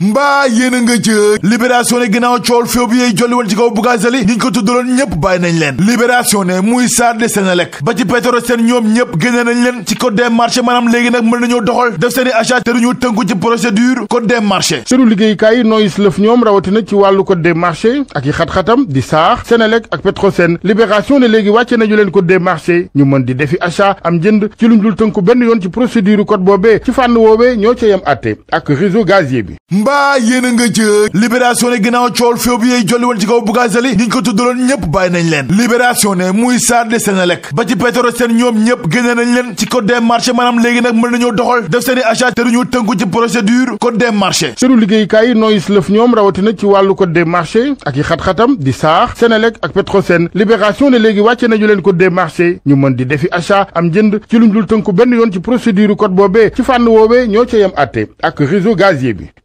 mbaa yéen nga jëy libération ne ginnaaw cool féw bi yoy jolli woon ci kaw Bougazelli ñi ñu ko tuddaloon ñëpp bàyyi nañ leen libération ne muy saar de Senelec ba ci Petrosen ñoom ñëpp génne nañ leen ci code des marchés maanaam léegi nag mën nañoo doxol def seen i achat te duñu tënku ci procédure code des marchés seenu liggéeykaay nooyis lëf ñoom rawatina ci wàllu code des marchés ak yi xat-xatam di saax Senelec ak Petrosen libération ne léegi wàcce nañu leen code des marchés ñu mën di defi achat am jënd ci luñ benn yoon ci procédure code boobee ci fànn woowee ñoo ca yam àtte ak réseau gazier bi ba yéen a nga jë libération ne ginnaaw cool féw bi yoy jolli ci kaw Bougazelli ñi ñu ko tuddaloon ñëpp bàyyi nañ leen libération ne muy saar de Senelec ba ci Petrosen ñoom ñëpp génne nañ leen ci code des marchés maanaam léegi nag mën nañoo doxal def seen i achat te duñu tënku ci procédure code des marchés seenu liggéeykaay yi nooyis lëf ñoom rawatina ci wàllu code des marchés ak yi xat-xatam di saax Senelec ak Petrosen libération ne léegi wàcce nañu leen code des marchés ñu mën di defi achat am jënd ci luñ dul tënku benn yoon ci procédure code boobee ci fànn woowee ñoo ca yam àtte ak réseau gazier bi